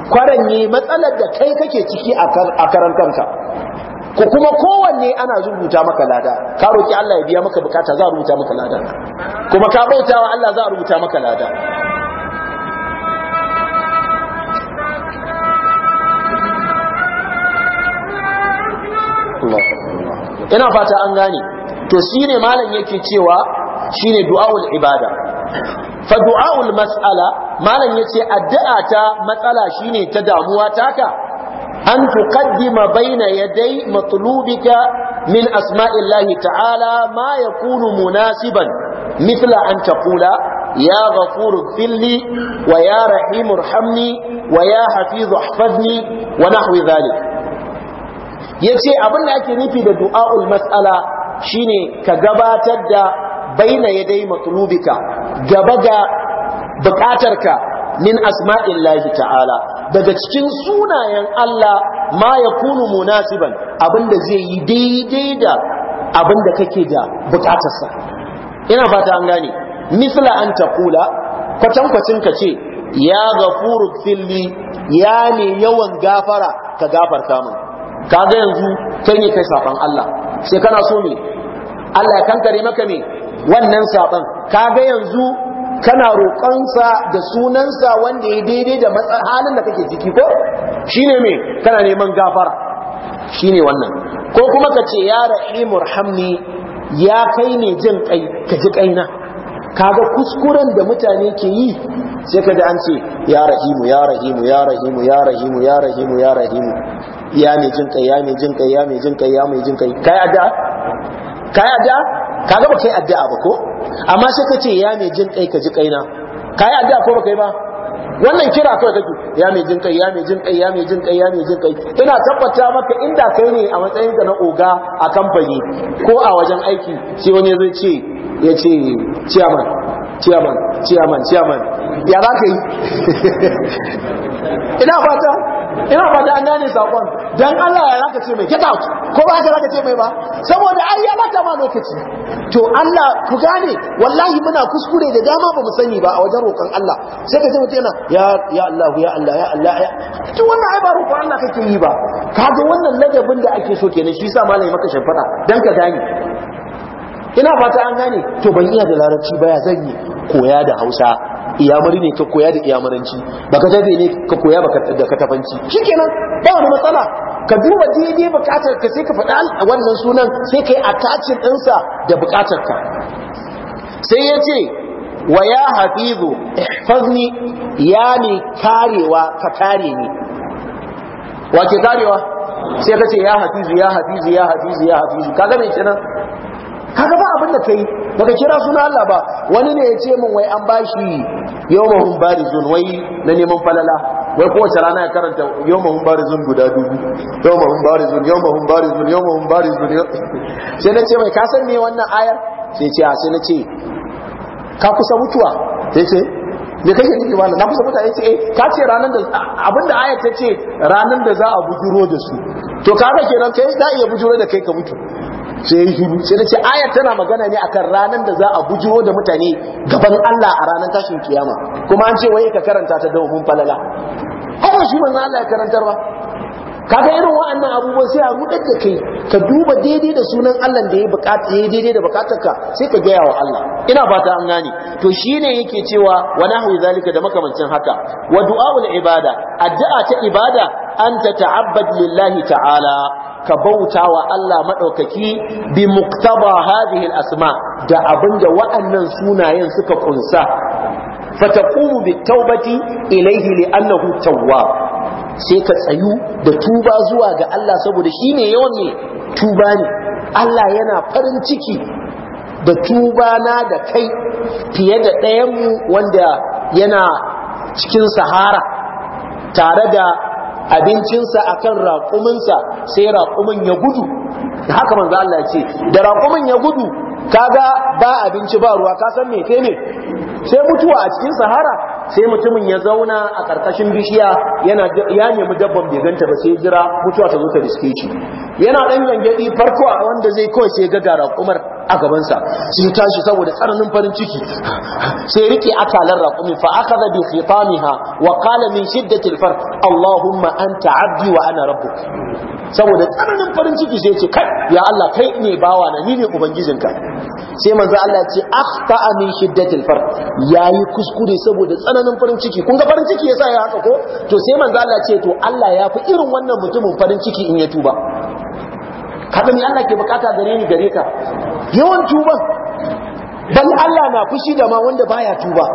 kwaranye matsalar da kai kake ciki a karan kanka ko kuma kowanne ana rubuta maka lada ka roki Allah ya biya maka bukata za a rubuta maka lada kuma ka bautawa Allah za a rubuta maka lada ina fata an gane to shine malam yake cewa shine du'aul ibada fa du'aul mas'ala malam yace addu'a ta matsala shine ta damuwa taka an tuqaddima baina yaday matlubika min asma'illahi ta'ala ma ya kunu munasiban mithla an ya يا غفور اغفر لي ويا رحيم ارحمني ويا حفيظ احفظني ونحو ذلك yace abin da ake nufi da du'a'ul mas'ala shine ka gabatar da baina yadai matlubika gaba ga bukatarka min asma'illahi ta'ala daga cikin sunayen Allah ma ya kunu munasiban abinda zai yi daidai da abinda kake da bukatarsa ina fata an gane misla an taqula kwacin ka ce ya ghafuru filli ya ne yawan gafara ka gafarta Ka kaga yanzu kai ne kai saban Allah sai kana so ne Allah ya kankare maka me wannan saban kaga yanzu kana roƙonsa da sunansa wanda ya daidai da halin da kake ciki ko shine me kana neman gafara shine wannan ko kuma ka ce ya ra'imu rahamni ya kai ne jin kai ka ji kaina kaga kuskuren da mutane ke yi sai ka ji an ce ya rahimu ya rahimu ya rahimu ya rahimu ya rahimu ya rahimu ya mai jin kai ya mai jin kai ya mai jin kai ya mai jin kai kai ada kai ada kaga ba kai addu'a ba ko amma sai ka ce ya mai jin kai ka ji kaina kai addu'a ko ba kai ba wannan kira kawai kake ya mai jin kai ya mai jin kai ya mai jin kai ya mai jin kai ina tabbata maka inda kai ne a matsayin ka na oga a kamfani ko a wajen aiki sai wani zai ce ya ce chairman chairman chairman chairman ya za ka yi ina fata ina ba an gane sakon dan Allah ya zaka ce mai get out ko ba ka ce mai ba saboda ai ya bata ma lokaci to Allah ku gane wallahi muna kuskure da dama ba mu sani ba a wajen roƙon Allah sai ka ce mutum yana ya ya Allah ya Allah ya Allah ya to wannan ai ba roƙon Allah kake yi ba kaga wannan ladabin da ake so kenan shi yasa malami maka shafada dan ka gane ina fata an gane to ban iya da larabci ba ya zan yi koya da Hausa iyamari ne ka koya da iyamaranci ba ka tafe ne ka koya da katafanci shi kenan ba wani matsala ka duba daidai bukatar ka sai ka faɗa wannan sunan sai ka yi attachin ɗinsa da bukatar ka sai ya ce wa ya hafizu ihfazni ya ne karewa ka kare ni wa ke karewa sai ka ce ya hafizu ya hafizu ya hafizu ya hafizu kaga mai kenan kaga ba da kai baka kira suna Allah ba wani ne ya ce min wai an bashi yawmahum barizun wai na neman falala wai kowace rana ya karanta yawmahum barizun guda dubu yawmahum barizun yawmahum barizun yawmahum barizun sai na ce mai ka ne wannan ayar sai ce a sai na ce ka kusa mutuwa sai ce me kake nufi wannan na kusa mutuwa yace ce eh, ka ce ranar da abinda ayar ta ce ranar da za a bujuro da su to kaga kenan kai za iya bujuro da kai ka mutu sai ya yi sai na ce ayar tana magana ne akan ranar da za a bujiro da mutane gaban Allah a ranar tashin kiyama kuma an ce wai ka karanta ta dawo mun falala haka shi manzo Allah ya karantar ba Ka ga irin wa'annan abubuwan sai a rudar da kai ka duba daidai da sunan Allah da ya bukata ya daidai da ka sai ka gaya wa Allah ina fata an gani. to shine yake cewa wa nahwi zalika da makamancin haka wa du'aul ibada addu'a ta ibada an ta'abbad lillahi ta'ala ka bauta wa Allah maɗaukaki bi muktaba hadhihi al-asma da abinda waɗannan sunayen suka kunsa fataqumu bit-taubati ilayhi li'annahu tawwab sai ka tsayu da tuba zuwa ga Allah saboda shi ne yawan ne tuba ne Allah yana farin ciki da tuba na da kai fiye da ɗayanmu wanda yana cikin sahara tare da abincinsa a kan raƙuminsa sai raƙumin ya gudu haka manzo Allah ce da raƙumin ya gudu kaga ba abinci ba ruwa ka san me ne sai mutuwa a cikin sahara sai mutumin ya zauna a ƙarƙashin bishiya yana ya nemi dabban bai ganta ba sai jira mutuwa ta zo ta riske shi yana ɗan gangadi farko a wanda zai kawai sai ga raƙumar. kumar a gabansa sai tashi saboda tsananin farin ciki sai rike akalar raqumi fa akhadha bi khitamiha wa qala min shiddati al-farq Allahumma anta 'abdi wa ana rabbuk saboda tsananin farin ciki sai ce kai ya Allah kai ne bawa na ni ne ubangijinka sai manzo Allah ya ce akhta'a min shiddati al-farq yayi kuskure saboda tsananin farin ciki kun ga farin ciki yasa ya haka ko to sai manzo Allah ya ce to Allah ya fi irin wannan mutumin farin ciki in ya tuba kada ni Allah ke bukata gare ni gare ka yawan tuba. bal Allah na fushi da ma wanda baya tuba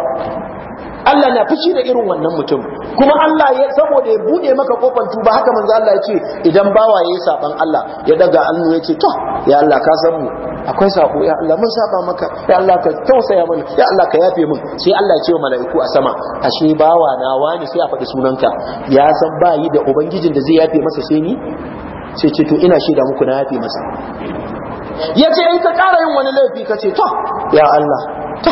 Allah na fushi da irin wannan mutum kuma Allah ya saboda ya bude maka kofar tuba haka manzo Allah ya ce idan bawa yayi saban Allah ya daga hannu ya ce to ya Allah ka san mu akwai sako ya Allah mun saba maka ya Allah ka tausaya mana ya Allah ka yafe min sai Allah ya ce wa mala'iku a sama ashe bawa na wani sai a faɗi sunanka ya san bayi da ubangijin da zai yafe masa sai ni sai ce to ina shaida muku na yafe masa ya ce in ka ƙara yin wani laifi ka ce to ya Allah to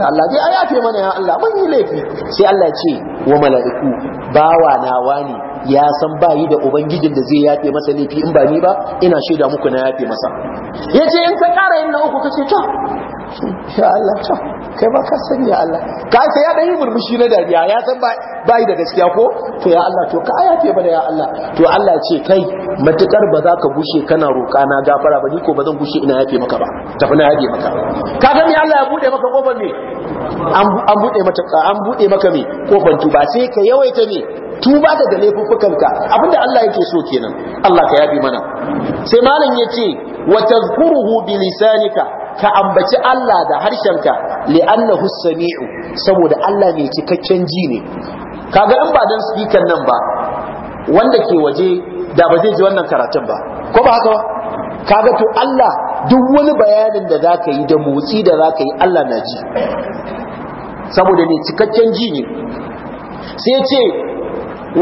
ya Allah dai a yafe mana ya Allah ban yi laifi sai Allah ce wa mala'iku bawa nawa ne ya san bayi da ubangijin da zai yafe masa laifi in ba ni ba ina shaida muku na yafe masa ya ce in ka ƙara yin na uku ka ce to ya Allah to kai ba ka sani ya Allah ka sai ya dan yi murmushi na dariya ya san ba yi da gaskiya ko to ya Allah to ka ayafe da ya Allah to Allah ya ce kai matukar ba za ka gushe kana roƙa na gafara ba ni ko ba zan gushe ina yafe maka ba tafi na yafe maka ka ga me Allah ya bude maka kofar ne an bude mata an bude maka me kofar tuba sai ka yawaita ne tuba daga laifuffukanka abinda Allah yake so kenan Allah ka yafe mana sai malam yace wa tazkuruhu bi lisanika ka ambaci Allah da harshenka li'annahu sami'u saboda Allah mai cikakken ji ne kaga in ba dan speaker nan ba wanda ke waje da ba zai ji wannan karatun ba ko ba haka ba kaga to Allah duk wani bayanin da zaka yi da motsi da zaka yi Allah na ji saboda ne cikakken ji ne sai ce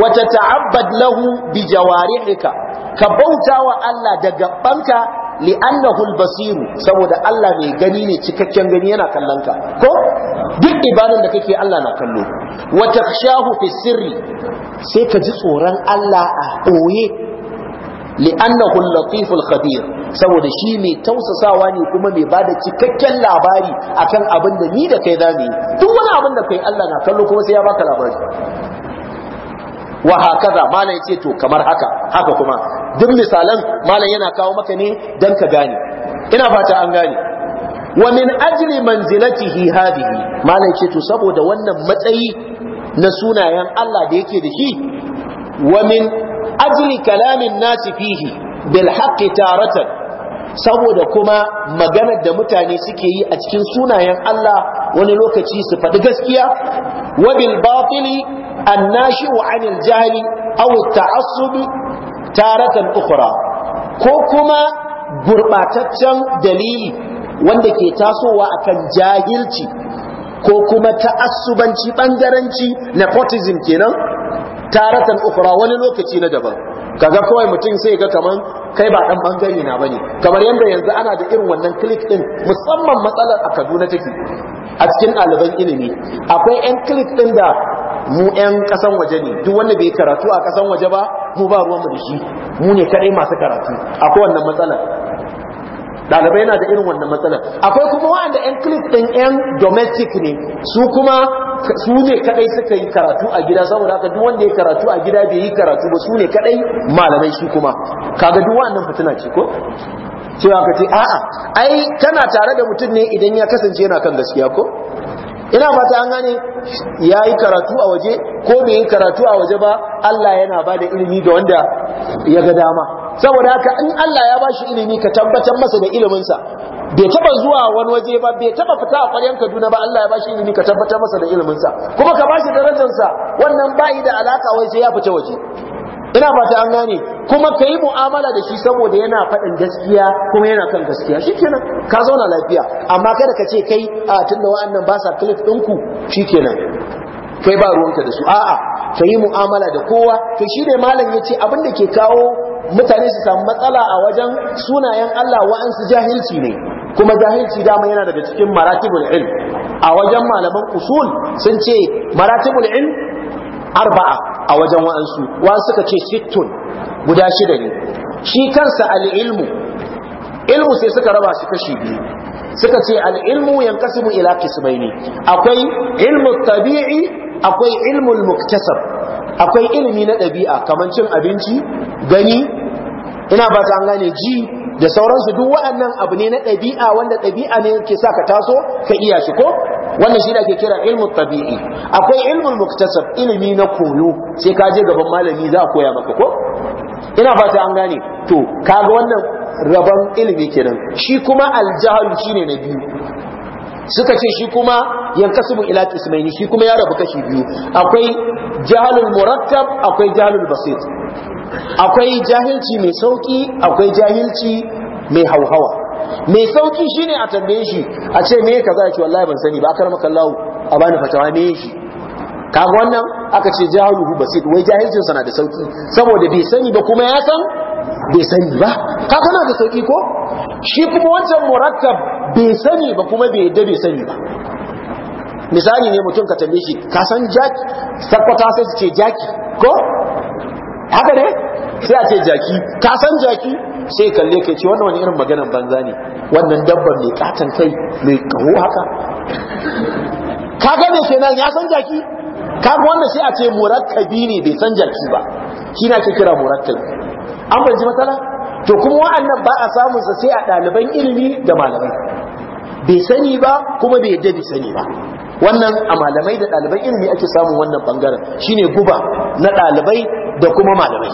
wata ta'abbad lahu bi jawarihika ka bauta wa Allah da banka. li'annahu al-basiru saboda Allah mai gani ne cikakken gani yana kallon ka ko duk ibadan da kake Allah na kallo wa takhshahu fi sirri sai ka ji tsoron Allah a boye li'annahu al-latif khabir saboda shi mai tausasawa ne kuma mai bada cikakken labari akan abin da ni da kai zamu yi duk wani abin da kai Allah na kallo kuma sai ya baka labari wa hakaza malam yace to kamar haka haka kuma duk misalan malam yana kawo maka ne dan ka gane ina fata an gane wa min ajli manzilatihi hadhihi malam yace to saboda wannan matsayi na sunayen Allah da yake da shi wa min ajli kalamin nasi fihi bil haqqi taratan saboda kuma maganar da mutane suke yi a cikin sunayen Allah wani lokaci su faɗi gaskiya wabil batili annashi wa anil jahili aw ta'assub taratan ukhra ko kuma gurbataccen dalili wanda ke tasowa akan jahilci ko kuma ta'assubanci bangaranci nepotism kenan taratan ukhra wani lokaci na daban kaga kawai mutum sai ga kaman kai ba dan bangare na bane kamar yanda yanzu ana da irin wannan click din musamman matsalar a Kaduna take a cikin ɗaliban ilimi akwai yan click din da mu yan kasan waje ne duk wanda bai karatu a kasan waje ba mu ba ruwan mu da shi mu ne kadai masu karatu akwai wannan matsalar Dalibai na da irin wannan matsalar akwai kuma wanda yan clip ɗin yan domestic ne su kuma su ne kadai suka yi karatu a gida saboda haka duk wanda ya karatu a gida bai yi karatu ba su ne kadai malamai su kuma kaga duk wannan fitina ce ko cewa ka ce a'a ai kana tare da mutum ne idan ya kasance yana kan gaskiya ko ina fata an gane ya yi karatu a waje ko bai yi karatu a waje ba Allah yana bada ilimi ga wanda ya ga dama saboda haka in Allah ya bashi ilimi ka tabbatar masa da ilimin sa bai taba zuwa wani waje ba bai taba fita a ƙwaryan Kaduna ba Allah ya bashi ilimi ka tabbatar masa da ilimin sa kuma ka bashi darajar sa wannan bai da alaka wai sai ya fita waje ina fata an gane kuma ka mu'amala da shi saboda yana faɗin gaskiya kuma yana kan gaskiya shikenan ka zauna lafiya amma kada ka ce kai a tunda wa'annan ba sa clip ɗinku shikenan kai ba ruwanka da su a'a ka mu'amala da kowa to shi ne malam ya ce abin da ke kawo mutane su samu matsala a wajen sunayen Allah wa'ansu jahilci ne kuma jahilci dama yana daga cikin maratibul ilm a wajen malaman usul sun ce maratibul ilm arba'a a wajen wa'ansu wa'ansu suka ce sittun guda shida ne shi kansa al-ilmu ilmu sai suka raba shi kashi biyu suka ce al'ilmu yankasimu ila ne. akwai ilmu tabi'i akwai ilmu muktasab akwai ilimi na ɗabi'a kamar cin abinci gani ina ba ta gane ji da sauransu duk wa'annan abu ne na ɗabi'a wanda ɗabi'a ne ke sa ka taso ka iya shi ko wannan shi ake kira ilmu tabi'i akwai ilmu muktasab ilimi na koyo sai ka je gaban malami za a koya maka ko ina ta an gane to kaga wannan rabon ilimi kenan shi kuma aljahal ne na biyu suka ce shi kuma yankasibu ila kismaini, shi kuma ya rabu kashi biyu akwai jahalul murattab akwai jahalul basit akwai jahilci mai sauki akwai jahilci mai hauhawa mai sauki shine a tambaye shi a ce me kaza yake wallahi ban sani ba kar maka Allah a bani fatawa me shi kaga wannan aka ce jahiluhu basit wai jahilcin na da sauki saboda bai sani ba kuma ya san bai sani ba kaga na da sauki ko shi kuma wancan murakkab bai sani ba kuma bai yadda bai sani ba misali ne mutum ka tambaye shi ka san jaki sakwata sai su ce jaki ko haka ne sai a ce jaki ka san jaki sai kalle kai ce wannan wani irin maganan banza ne wannan dabban mai katan kai mai kaho haka ka gane kenan ya san jaki ka wannan sai a ce murakkabi ne bai san jaki ba shi na ke kira murakkabi an fahimci matsala to kuma wa'annan ba a samun sa sai a ɗaliban ilimi da malamai bai sani ba kuma bai yadda bai sani ba wannan a malamai da ɗalibai ilimi ake samun wannan bangaren shine guba na ɗalibai da kuma malamai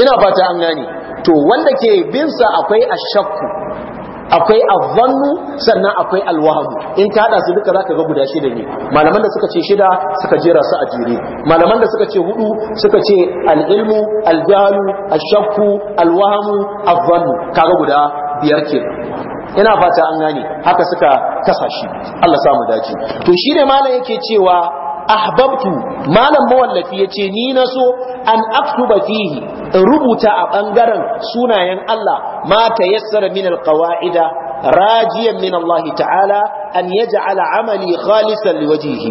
ina fata an gane to wanda ke binsa akwai ashakku akwai avannu, sannan akwai alwahamu in ka haɗa su duka zaka ga guda shida ne malaman da suka ce shida suka jera su a jere malaman da suka ce hudu suka ce al'ilmu aljalu ashakku alwahamu Ka kaga guda biyar kenan ina fata an gane haka suka kasa shi Allah samu dace to shi ne malam yake cewa ahbabtu malam mawallafi yace ni na so an aktuba fihi in rubuta a bangaren sunayen Allah ma tayassara min alqawaida rajiyan min Allah ta'ala an yaj'ala amali khalisan liwajhihi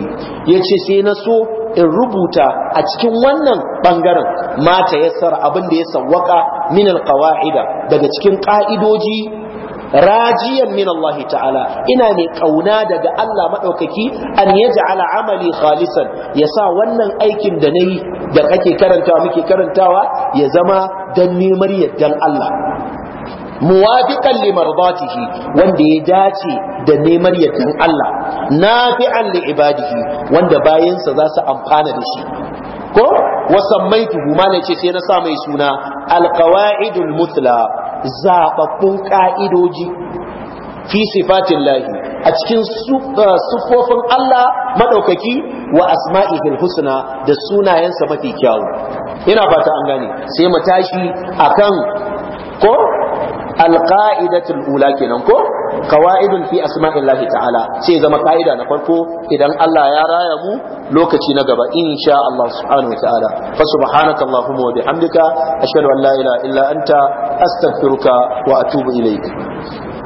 yace sai na so in rubuta a cikin wannan bangaren ma tayassara abin da ya sawwaka min alqawaida daga cikin ka'idoji rajiyan min Allah ta'ala ina ne kauna daga Allah madaukaki an yaj'ala amali khalisan yasa wannan aikin da nayi da kake karantawa muke karantawa ya zama dan nemar yaddan Allah muwafiqan li mardatihi wanda ya dace da nemar yaddan Allah nafi'an li ibadihi wanda bayansa za su amfana da shi ko wasammaituhu ma ne ce sai na sa mai suna alqawaidul muthla zaɓaɓɓun ƙa'idoji fi sifatin lahi a cikin sufofin uh, Allah maɗaukaki wa asma'ihil husna da sunayensa mafi kyawu ina fata an gane sai mu tashi kan ko alqaidatul ula kenan ko qawaidun fi asma'illahi ta'ala sai zama kaida na farko idan Allah ya raya mu lokaci na gaba insha Allah subhanahu wa ta'ala fa subhanaka allahumma wa bihamdika ashhadu an la ilaha illa anta astaghfiruka wa atubu ilayk